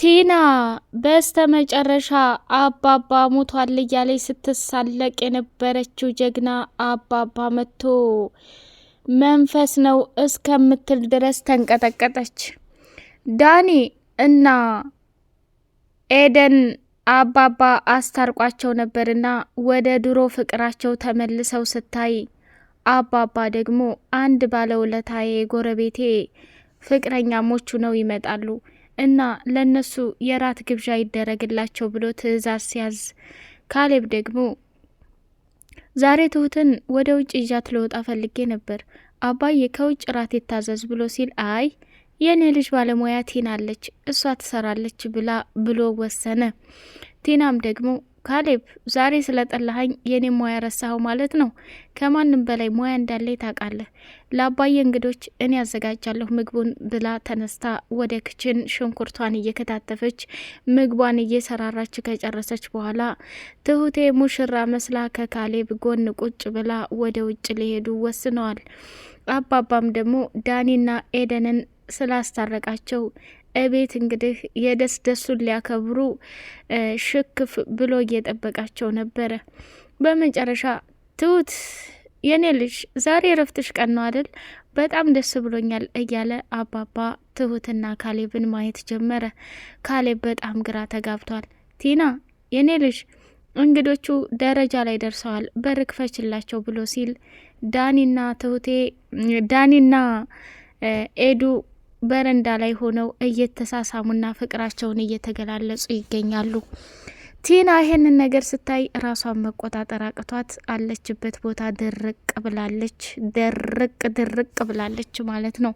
ቲና በስተመጨረሻ አባባ ሞቷል እያለች ስትሳለቅ የነበረችው ጀግና አባባ መጥቶ መንፈስ ነው እስከምትል ድረስ ተንቀጠቀጠች። ዳኒ እና ኤደን አባባ አስታርቋቸው ነበርና ወደ ድሮ ፍቅራቸው ተመልሰው ስታይ አባባ ደግሞ አንድ ባለውለታዬ ጎረቤቴ ፍቅረኛሞቹ ነው ይመጣሉ እና ለነሱ የራት ግብዣ ይደረግላቸው ብሎ ትዕዛዝ ሲያዝ ካሌብ ደግሞ ዛሬ ትሁትን ወደ ውጭ ይዣት ልወጣ ፈልጌ ነበር፣ አባዬ ከውጭ ራት ይታዘዝ ብሎ ሲል አይ የእኔ ልጅ ባለሙያ ቲና ለች። እሷ ትሰራለች ብላ ብሎ ወሰነ። ቲናም ደግሞ ካሌብ ዛሬ ስለጠላሀኝ የኔ ሙያ ረሳኸው ማለት ነው። ከማንም በላይ ሙያ እንዳለ ታውቃለህ። ለአባዬ እንግዶች እኔ ያዘጋጃለሁ ምግቡን ብላ ተነስታ ወደ ክችን ሽንኩርቷን እየከታተፈች ምግቧን እየሰራራች ከጨረሰች በኋላ ትሁቴ ሙሽራ መስላ ከካሌብ ጎን ቁጭ ብላ ወደ ውጭ ሊሄዱ ወስነዋል። አባባም ደግሞ ዳኒና ኤደንን ስላስታረቃቸው እቤት እንግዲህ የደስ ደሱን ሊያከብሩ ሽክፍ ብሎ እየጠበቃቸው ነበረ። በመጨረሻ ትሁት የኔ ልጅ ዛሬ እረፍትሽ ቀን ነው አይደል? በጣም ደስ ብሎኛል እያለ አባባ ትሁትና ካሌብን ማየት ጀመረ። ካሌብ በጣም ግራ ተጋብቷል። ቲና የኔ ልጅ እንግዶቹ ደረጃ ላይ ደርሰዋል፣ በር ክፈችላቸው ብሎ ሲል ዳኒና ትሁቴ ዳኒና ኤዱ በረንዳ ላይ ሆነው እየተሳሳሙና ፍቅራቸውን እየተገላለጹ ይገኛሉ። ቲና ይሄንን ነገር ስታይ ራሷን መቆጣጠር አቅቷት አለችበት ቦታ ድርቅ ብላለች። ድርቅ ድርቅ ብላለች ማለት ነው።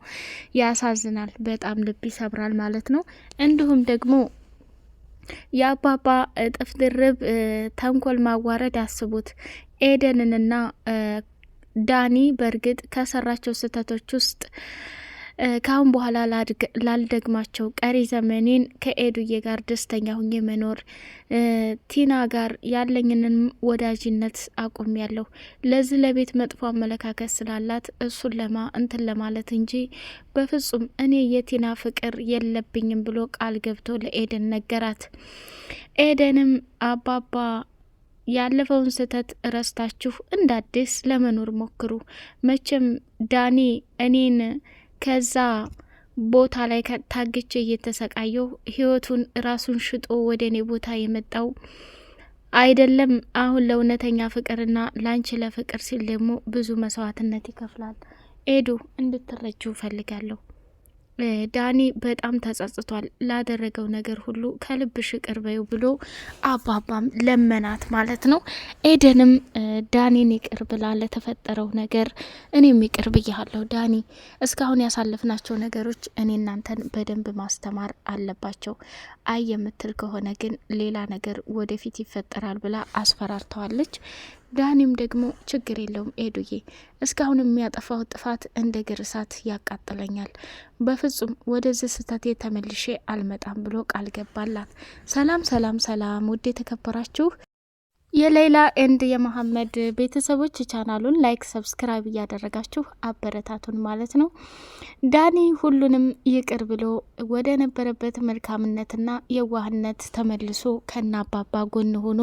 ያሳዝናል። በጣም ልብ ይሰብራል ማለት ነው። እንዲሁም ደግሞ የአባባ እጥፍ ድርብ ተንኮል ማዋረድ አስቡት። ኤደንንና ዳኒ በእርግጥ ከሰራቸው ስህተቶች ውስጥ ከአሁን በኋላ ላልደግማቸው ቀሪ ዘመኔን ከኤዱዬ ጋር ደስተኛ ሁኜ መኖር፣ ቲና ጋር ያለኝንም ወዳጅነት አቁም ያለሁ ለዚህ ለቤት መጥፎ አመለካከት ስላላት እሱን ለማ እንትን ለማለት እንጂ በፍጹም እኔ የቲና ፍቅር የለብኝም ብሎ ቃል ገብቶ ለኤደን ነገራት። ኤደንም አባባ ያለፈውን ስህተት እረስታችሁ እንደ አዲስ ለመኖር ሞክሩ። መቼም ዳኒ እኔን ከዛ ቦታ ላይ ታግቼ እየተሰቃየው ህይወቱን ራሱን ሽጦ ወደ እኔ ቦታ የመጣው አይደለም። አሁን ለእውነተኛ ፍቅርና ላንቺ ለፍቅር ሲል ደግሞ ብዙ መስዋዕትነት ይከፍላል። ኤዱ እንድትረጅው ፈልጋለሁ። ዳኒ በጣም ተጸጽቷል። ላደረገው ነገር ሁሉ ከልብሽ ይቅር በይው ብሎ አባባም ለመናት ማለት ነው። ኤደንም ዳኒን ይቅር ብላ ለተፈጠረው ነገር እኔም ይቅር ብያለሁ ዳኒ፣ እስካሁን ያሳለፍናቸው ነገሮች እኔ እናንተን በደንብ ማስተማር አለባቸው። አይ የምትል ከሆነ ግን ሌላ ነገር ወደፊት ይፈጠራል ብላ አስፈራርተዋለች። ዳኒም ደግሞ ችግር የለውም ኤዱዬ፣ እስካሁን የሚያጠፋው ጥፋት እንደ ግርሳት እሳት ያቃጥለኛል፣ በፍጹም ወደዚህ ስህተቴ ተመልሼ አልመጣም ብሎ ቃል ገባላት። ሰላም ሰላም ሰላም! ውድ የተከበራችሁ የሌይላ ኤንድ የመሐመድ ቤተሰቦች ቻናሉን ላይክ፣ ሰብስክራይብ እያደረጋችሁ አበረታቱን ማለት ነው። ዳኒ ሁሉንም ይቅር ብሎ ወደ ነበረበት መልካምነትና የዋህነት ተመልሶ ከናባባ ጎን ሆኖ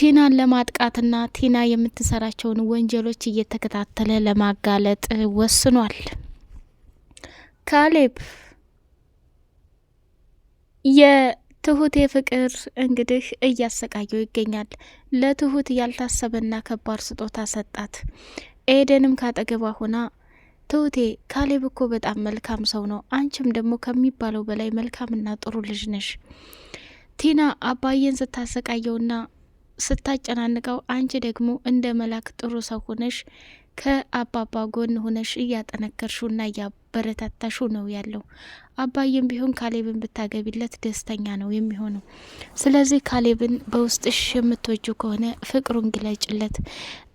ቲናን ለማጥቃትና ቲና የምትሰራቸውን ወንጀሎች እየተከታተለ ለማጋለጥ ወስኗል። ካሌብ ትሁት የፍቅር እንግዲህ እያሰቃየው ይገኛል። ለትሁት ያልታሰበና ከባድ ስጦታ ሰጣት። ኤደንም ካጠገቧ ሆና ትሁቴ ካሌብ እኮ በጣም መልካም ሰው ነው፣ አንቺም ደግሞ ከሚባለው በላይ መልካምና ጥሩ ልጅ ነሽ። ቲና አባዬን ስታሰቃየውና ስታጨናንቀው አንቺ ደግሞ እንደ መላክ ጥሩ ሰው ሆነሽ ከአባባ ጎን ሆነሽ እያጠነከርሹና እያበረታታሹ ነው ያለው። አባዬም ቢሆን ካሌብን ብታገቢለት ደስተኛ ነው የሚሆነው። ስለዚህ ካሌብን በውስጥሽ የምትወጁ ከሆነ ፍቅሩን ግለጭለት፣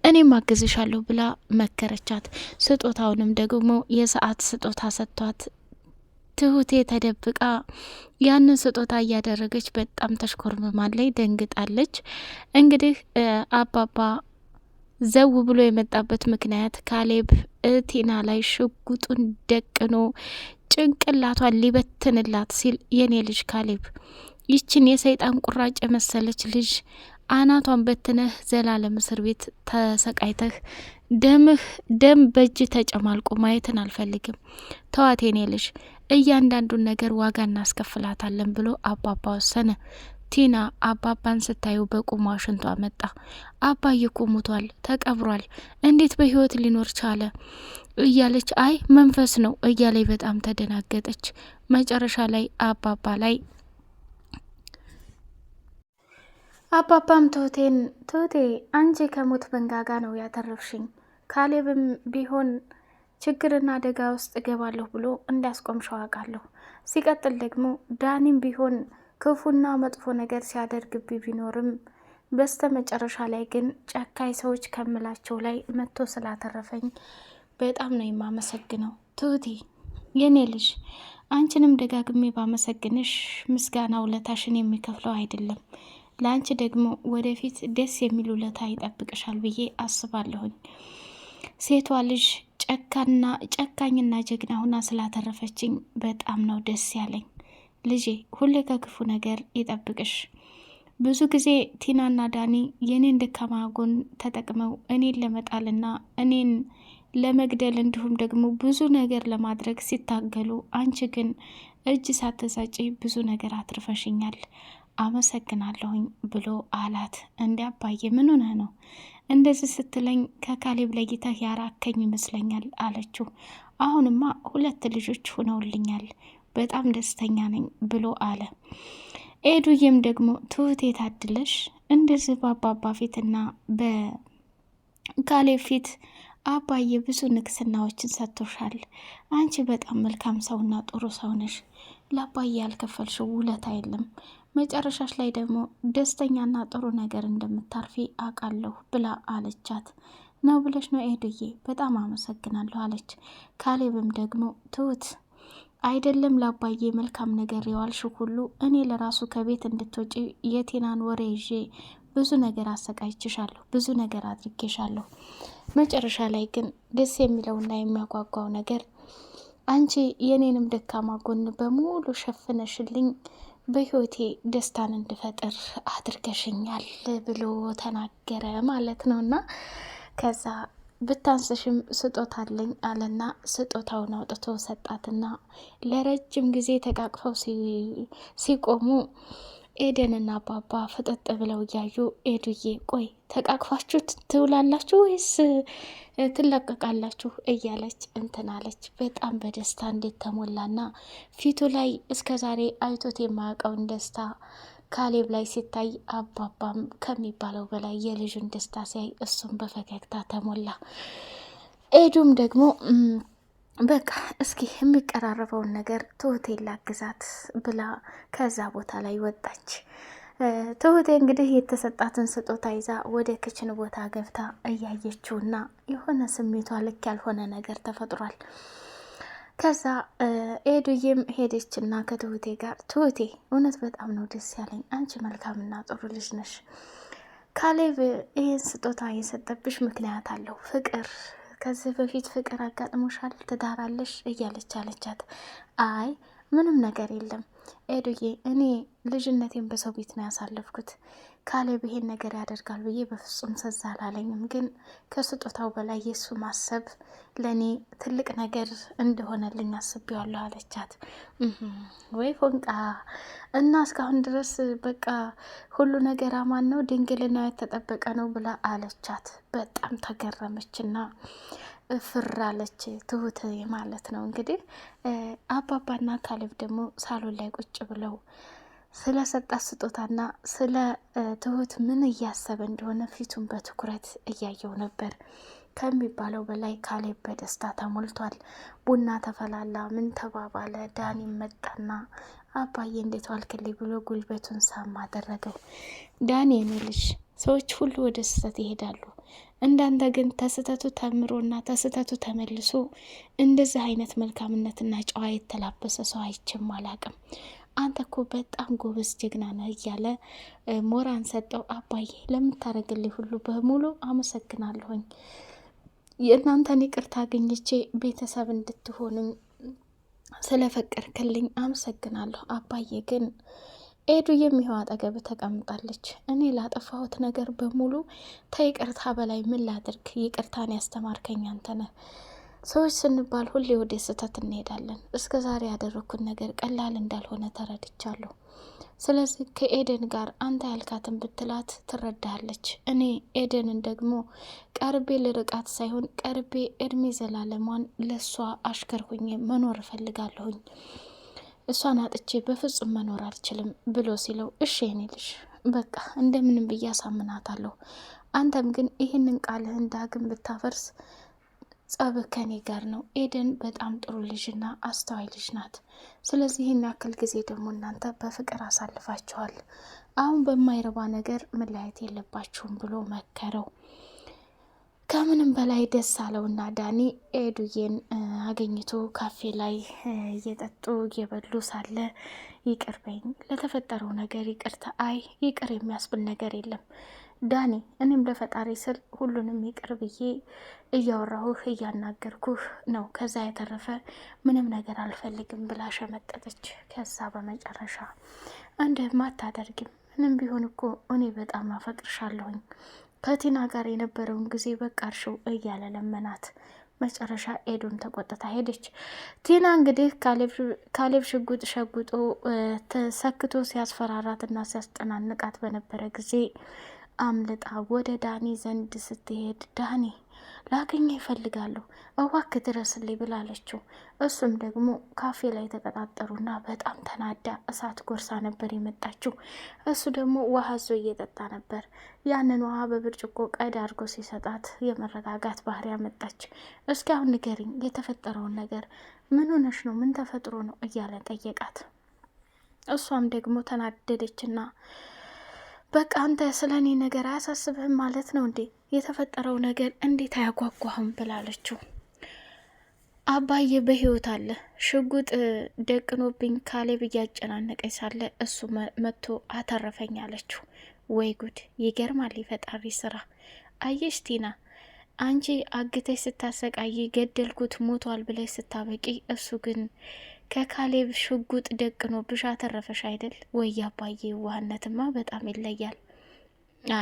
እኔም አግዝሻለሁ ብላ መከረቻት። ስጦታውንም ደግሞ የሰዓት ስጦታ ሰጥቷት ትሁቴ ተደብቃ ያንን ስጦታ እያደረገች በጣም ተሽኮርምማለች፣ ደንግጣለች። እንግዲህ አባባ ዘው ብሎ የመጣበት ምክንያት ካሌብ እቲና ላይ ሽጉጡን ደቅኖ ጭንቅላቷን ሊበትንላት ሲል የኔ ልጅ ካሌብ ይችን የሰይጣን ቁራጭ የመሰለች ልጅ አናቷን በትነህ ዘላለም እስር ቤት ተሰቃይተህ ደምህ ደም በእጅ ተጨማልቆ ማየትን አልፈልግም። ተዋቴኔ ልጅ እያንዳንዱን ነገር ዋጋ እናስከፍላታለን ብሎ አባባ ወሰነ። ቲና አባባን ስታየው በቁሟ ሽንቷ መጣ። አባዬ እኮ ሞቷል፣ ተቀብሯል፣ እንዴት በህይወት ሊኖር ቻለ? እያለች አይ መንፈስ ነው እያለች በጣም ተደናገጠች። መጨረሻ ላይ አባባ ላይ አባባም ትሁቴን ትሁቴ አንቺ ከሞት መንጋጋ ነው ያተረፍሽኝ፣ ካሌብም ቢሆን ችግርና አደጋ ውስጥ እገባለሁ ብሎ እንዳስቆምሸው አውቃለሁ። ሲቀጥል ደግሞ ዳኒም ቢሆን ክፉና መጥፎ ነገር ሲያደርግብ ቢኖርም በስተ መጨረሻ ላይ ግን ጨካኝ ሰዎች ከምላቸው ላይ መጥቶ ስላተረፈኝ በጣም ነው የማመሰግነው። ትሁቴ የኔ ልጅ አንቺንም ደጋግሜ ባመሰግንሽ ምስጋና ውለታሽን የሚከፍለው አይደለም። ለአንቺ ደግሞ ወደፊት ደስ የሚል ውለታ ይጠብቅሻል ብዬ አስባለሁኝ። ሴቷ ልጅ ጨካና ጨካኝና ጀግና ሁና ስላተረፈችኝ በጣም ነው ደስ ያለኝ። ልጄ ሁሌ ከክፉ ነገር ይጠብቅሽ። ብዙ ጊዜ ቲናና ዳኒ የኔን ደካማ ጎን ተጠቅመው እኔን ለመጣልና እኔን ለመግደል እንዲሁም ደግሞ ብዙ ነገር ለማድረግ ሲታገሉ፣ አንቺ ግን እጅ ሳትሰጪ ብዙ ነገር አትርፈሽኛል፣ አመሰግናለሁኝ ብሎ አላት። እንዲ አባዬ ምን ሆነህ ነው እንደዚህ ስትለኝ ከካሌብ ለይተህ ያራከኝ ይመስለኛል አለችው። አሁንማ ሁለት ልጆች ሆነውልኛል በጣም ደስተኛ ነኝ ብሎ አለ። ኤዱዬም ደግሞ ትሁቴ ታድለሽ እንደዚህ በአባባ ፊትና በካሌብ ፊት አባዬ ብዙ ንግስናዎችን ሰጥቶሻል። አንቺ በጣም መልካም ሰውና ጥሩ ሰው ነሽ። ለአባዬ ያልከፈልሽው ውለት የለም። መጨረሻሽ ላይ ደግሞ ደስተኛና ጥሩ ነገር እንደምታርፊ አውቃለሁ ብላ አለቻት። ነው ብለሽ ነው ኤዱዬ፣ በጣም አመሰግናለሁ አለች። ካሌብም ደግሞ ትሁት አይደለም ለአባዬ መልካም ነገር የዋልሽው ሁሉ እኔ ለራሱ ከቤት እንድትወጪ የቴናን ወሬ ይዤ ብዙ ነገር አሰቃይችሻለሁ፣ ብዙ ነገር አድርጌሻለሁ። መጨረሻ ላይ ግን ደስ የሚለውና የሚያጓጓው ነገር አንቺ የኔንም ደካማ ጎን በሙሉ ሸፍነሽልኝ በህይወቴ ደስታን እንድፈጥር አድርገሽኛል ብሎ ተናገረ ማለት ነው እና ከዛ ብታንስሽም ስጦታ አለኝ አለና ስጦታውን አውጥቶ ሰጣትና ለረጅም ጊዜ ተቃቅፈው ሲቆሙ ኤደንና አባባ ፈጠጥ ብለው እያዩ ኤዱዬ ቆይ ተቃቅፋችሁ ትውላላችሁ ወይስ ትለቀቃላችሁ? እያለች እንትናለች። በጣም በደስታ እንዴት ተሞላና ፊቱ ላይ እስከዛሬ አይቶት የማያውቀውን ደስታ ካሌብ ላይ ሲታይ አባባም ከሚባለው በላይ የልጁን ደስታ ሲያይ እሱም በፈገግታ ተሞላ። ኤዱም ደግሞ በቃ እስኪ የሚቀራረበውን ነገር ትሁቴ ላግዛት ብላ ከዛ ቦታ ላይ ወጣች። ትሁቴ እንግዲህ የተሰጣትን ስጦታ ይዛ ወደ ክችን ቦታ ገብታ እያየችውና የሆነ ስሜቷ ልክ ያልሆነ ነገር ተፈጥሯል። ከዛ ኤዱዬም እና ከትሁቴ ጋር ትሁቴ እውነት በጣም ነው ደስ ያለኝ፣ አንቺ መልካምና ጥሩ ልጅ ነሽ። ካሌብ ይህን ስጦታ የሰጠብሽ ምክንያት አለው። ፍቅር ከዚህ በፊት ፍቅር አጋጥሞሻል፣ ትዳራለሽ እያለች አለቻት። አይ ምንም ነገር የለም ኤዱዬ እኔ ልጅነቴን በሰው ቤት ነው ያሳለፍኩት። ካሌብ ይሄን ነገር ያደርጋል ብዬ በፍጹም ሰዛ አላለኝም። ግን ከስጦታው በላይ የእሱ ማሰብ ለእኔ ትልቅ ነገር እንደሆነልኝ አስቤዋለሁ አለቻት። ወይ ፎንቃ! እና እስካሁን ድረስ በቃ ሁሉ ነገር አማን ነው፣ ድንግልና የተጠበቀ ነው ብላ አለቻት። በጣም ተገረመችና ፍራለች ትሁት ማለት ነው። እንግዲህ አባባና ካሌብ ደግሞ ሳሎን ላይ ቁጭ ብለው ስለ ሰጣት ስጦታና ስለ ትሁት ምን እያሰበ እንደሆነ ፊቱን በትኩረት እያየው ነበር። ከሚባለው በላይ ካሌብ በደስታ ተሞልቷል። ቡና ተፈላላ፣ ምን ተባባለ። ዳኒ መጣና አባዬ እንዴት ዋልክልኝ ብሎ ጉልበቱን ሳም አደረገው። ዳኒ የኔ ልጅ ሰዎች ሁሉ ወደ ስህተት ይሄዳሉ እንዳንተ ግን ተስተቱ ተምሮና ተስተቱ ተመልሶ እንደዚህ አይነት መልካምነትና ጨዋ የተላበሰ ሰው አይችም አላቅም። አንተ እኮ በጣም ጎበዝ ጀግና ነህ እያለ ሞራን ሰጠው። አባዬ ለምታደርግልኝ ሁሉ በሙሉ አመሰግናለሁኝ። የእናንተን ይቅርታ አግኝቼ ቤተሰብ እንድትሆንም ስለፈቀድክልኝ አመሰግናለሁ። አባዬ ግን ኤዱ የሚሆን አጠገብ ተቀምጣለች። እኔ ላጠፋሁት ነገር በሙሉ ተይቅርታ በላይ ምን ላድርግ? ይቅርታን ያስተማርከኝ አንተ ነህ። ሰዎች ስንባል ሁሌ ወደ ስህተት እንሄዳለን። እስከ ዛሬ ያደረግኩት ነገር ቀላል እንዳልሆነ ተረድቻለሁ። ስለዚህ ከኤደን ጋር አንተ ያልካትን ብትላት ትረዳለች እኔ ኤደንን ደግሞ ቀርቤ ልርቃት ሳይሆን ቀርቤ እድሜ ዘላለሟን ለእሷ አሽከር መኖር እፈልጋለሁኝ። እሷን አጥቼ በፍጹም መኖር አልችልም ብሎ ሲለው እሺ የኔ ልጅ በቃ እንደምንም ብዬ አሳምናታለሁ። አንተም ግን ይህንን ቃልህን ዳግም ብታፈርስ ጸብህ ከኔ ጋር ነው። ኤደን በጣም ጥሩ ልጅና አስተዋይ ልጅ ናት። ስለዚህ ይህን ያክል ጊዜ ደግሞ እናንተ በፍቅር አሳልፋችኋል። አሁን በማይረባ ነገር መለያየት የለባችሁም ብሎ መከረው። ከምንም በላይ ደስ አለውና ዳኒ ኤዱዬን አገኝቶ ካፌ ላይ እየጠጡ እየበሉ ሳለ ይቅር በይኝ፣ ለተፈጠረው ነገር ይቅርታ። አይ ይቅር የሚያስብል ነገር የለም ዳኒ፣ እኔም ለፈጣሪ ስል ሁሉንም ይቅር ብዬ እያወራሁህ እያናገርኩህ ነው። ከዛ የተረፈ ምንም ነገር አልፈልግም ብላ ሸመጠጠች። ከዛ በመጨረሻ እንደማታደርግም ምንም ቢሆን እኮ እኔ በጣም አፈቅርሻለሁኝ ከቲና ጋር የነበረውን ጊዜ በቃ እርሽው እያለ ለመናት። መጨረሻ ኤዶን ተቆጥታ ሄደች። ቲና እንግዲህ ካሌብ ሽጉጥ ሸጉጦ ተሰክቶ ሲያስፈራራትና ሲያስጠናንቃት በነበረ ጊዜ አምልጣ ወደ ዳኒ ዘንድ ስትሄድ ዳኒ ላገኘ ይፈልጋለሁ እባክህ ድረስልኝ ብላለችው። እሱም ደግሞ ካፌ ላይ ተቀጣጠሩና በጣም ተናዳ እሳት ጎርሳ ነበር የመጣችው። እሱ ደግሞ ውሃ ዞ እየጠጣ ነበር። ያንን ውሃ በብርጭቆ ቀድ አድርጎ ሲሰጣት የመረጋጋት ባህሪ ያመጣች። እስኪ አሁን ንገሪኝ የተፈጠረውን ነገር ምን ሆነሽ ነው? ምን ተፈጥሮ ነው? እያለ ጠየቃት። እሷም ደግሞ ተናደደችና በቃ አንተ ስለ እኔ ነገር አያሳስብህም ማለት ነው እንዴ? የተፈጠረው ነገር እንዴት አያጓጓህም ብላለችው። አባዬ በህይወት አለ። ሽጉጥ ደቅኖብኝ ካሌብ እያጨናነቀኝ ሳለ እሱ መጥቶ አተረፈኝ አለችው። ወይ ጉድ! ይገርማል የፈጣሪ ስራ። አየሽ ቲና፣ አንቺ አግተሽ ስታሰቃይ ገደልኩት ሞቷል ብለሽ ስታበቂ፣ እሱ ግን ከካሌብ ሽጉጥ ደቅኖብሽ አተረፈሽ አይደል? ወይ አባዬ፣ ዋህነትማ በጣም ይለያል።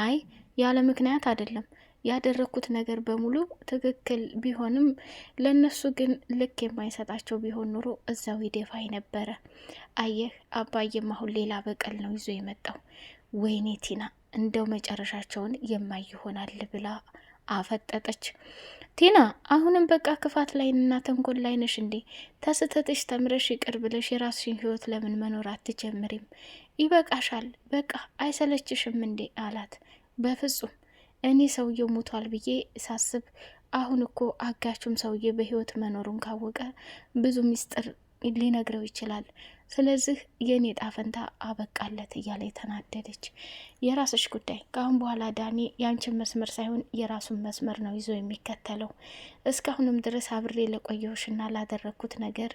አይ ያለ ምክንያት አይደለም ያደረግኩት ነገር በሙሉ ትክክል ቢሆንም ለእነሱ ግን ልክ የማይሰጣቸው ቢሆን ኑሮ እዛው ይደፋኝ ነበረ። አየህ አባዬም አሁን ሌላ በቀል ነው ይዞ የመጣው። ወይኔ ቲና እንደው መጨረሻቸውን የማይ ይሆናል ብላ አፈጠጠች። ቲና አሁንም በቃ ክፋት ላይንና ተንኮል ላይነሽ እንዴ? ተስተትሽ ተምረሽ ይቅር ብለሽ የራስሽን ህይወት ለምን መኖር አትጀምሪም? ይበቃሻል፣ በቃ አይሰለችሽም እንዴ አላት። በፍጹም እኔ ሰውየው ሞቷል ብዬ ሳስብ አሁን እኮ አጋችም ሰውዬ በህይወት መኖሩን ካወቀ ብዙ ሚስጥር ሊነግረው ይችላል። ስለዚህ የእኔ ጣፈንታ አበቃለት እያለ የተናደደች የራስሽ ጉዳይ፣ ከአሁን በኋላ ዳኒ ያንችን መስመር ሳይሆን የራሱን መስመር ነው ይዞ የሚከተለው። እስካሁንም ድረስ አብሬ ለቆየሁሽና ላደረግኩት ነገር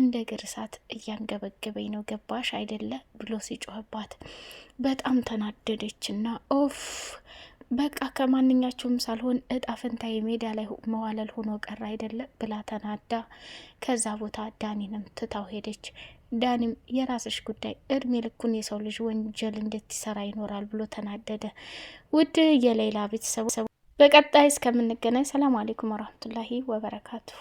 እንደ ግርሳት እሳት እያንገበገበኝ ነው ገባሽ አይደለ ብሎ ሲጮህባት በጣም ተናደደችና ኦፍ በቃ ከማንኛቸውም ሳልሆን እጣ ፈንታዬ ሜዳ ላይ መዋለል ሆኖ ቀረ አይደለም ብላ ተናዳ ከዛ ቦታ ዳኒንም ትታው ሄደች። ዳኒም የራስሽ ጉዳይ እድሜ ልኩን የሰው ልጅ ወንጀል እንዴት ይሰራ ይኖራል ብሎ ተናደደ። ውድ የሌላ ቤተሰቡ በቀጣይ እስከምንገናኝ ሰላም አሌይኩም ወረህመቱላሂ ወበረካቱሁ።